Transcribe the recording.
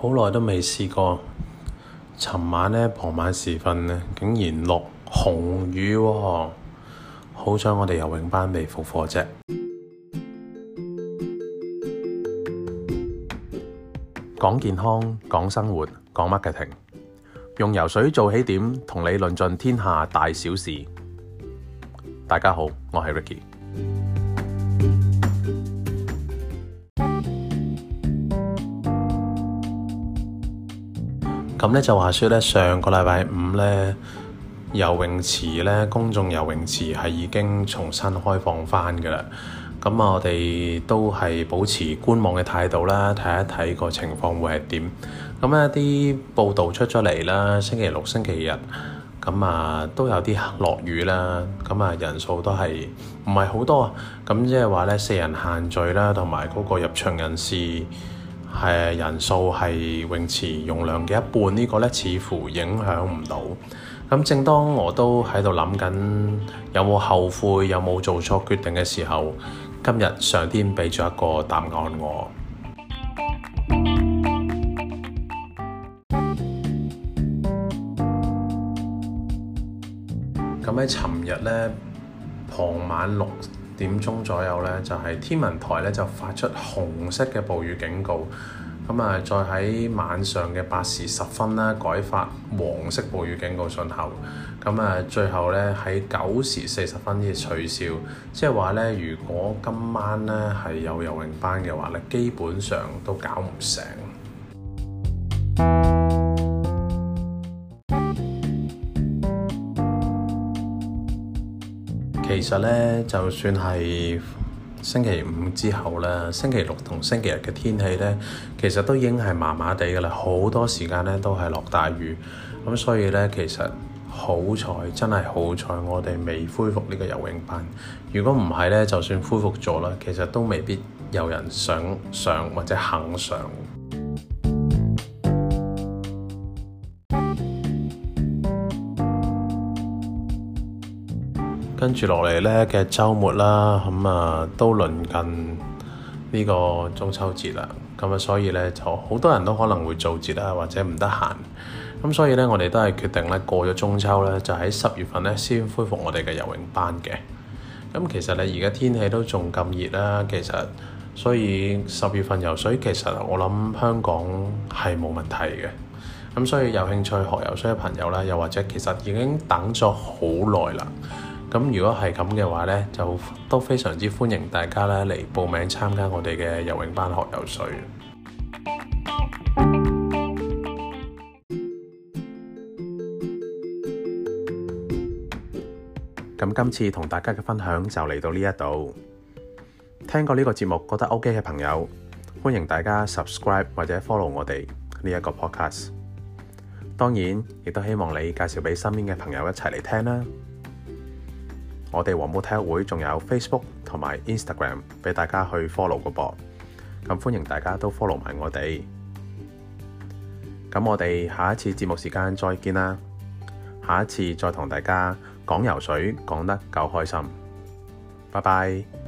好耐都未試過，尋晚呢，傍晚時分呢，竟然落紅雨喎、哦。好彩我哋游泳班未復課啫。講健康，講生活，講 marketing。用游水做起點，同你論盡天下大小事。大家好，我係 Ricky。咁咧就話説咧，上個禮拜五咧，游泳池咧，公眾游泳池係已經重新開放翻㗎啦。咁啊，我哋都係保持觀望嘅態度啦，睇一睇個情況會係點。咁一啲報道出咗嚟啦，星期六、星期日，咁啊都有啲落雨啦。咁啊，人數都係唔係好多啊。咁即係話咧，四人限聚啦，同埋嗰個入場人士。係人數係泳池容量嘅一半，呢個呢，似乎影響唔到。咁正當我都喺度諗緊有冇後悔，有冇做錯決定嘅時候，今日上天俾咗一個答案我。咁喺尋日呢，傍晚六點鐘左右呢，就係天文台呢，就發出紅色嘅暴雨警告，咁啊再喺晚上嘅八時十分呢，改發黃色暴雨警告信號，咁啊最後呢，喺九時四十分呢，取消，即係話呢，如果今晚呢係有游泳班嘅話呢，基本上都搞唔成。其實呢，就算係星期五之後啦，星期六同星期日嘅天氣呢，其實都已經係麻麻地㗎喇，好多時間呢都係落大雨。咁所以呢，其實好彩，真係好彩，我哋未恢復呢個游泳班。如果唔係呢，就算恢復咗啦，其實都未必有人想上或者肯上。跟住落嚟呢嘅周末啦，咁啊都鄰近呢個中秋節啦，咁啊所以呢，就好多人都可能會做節啦，或者唔得閒，咁所以呢，我哋都係決定呢，過咗中秋呢，就喺十月份呢，先恢復我哋嘅游泳班嘅。咁其實呢，而家天氣都仲咁熱啦，其實所以十月份游水，其實我諗香港係冇問題嘅。咁所以有興趣學游水嘅朋友啦，又或者其實已經等咗好耐啦。咁如果係咁嘅話呢，就都非常之歡迎大家呢嚟報名參加我哋嘅游泳班學游水。咁今次同大家嘅分享就嚟到呢一度。聽過呢個節目覺得 OK 嘅朋友，歡迎大家 subscribe 或者 follow 我哋呢一個 podcast。當然，亦都希望你介紹俾身邊嘅朋友一齊嚟聽啦。我哋黃埔體育會仲有 Facebook 同埋 Instagram 俾大家去 follow 個噃，咁歡迎大家都 follow 埋我哋。咁我哋下一次節目時間再見啦，下一次再同大家講游水講得夠開心，拜拜。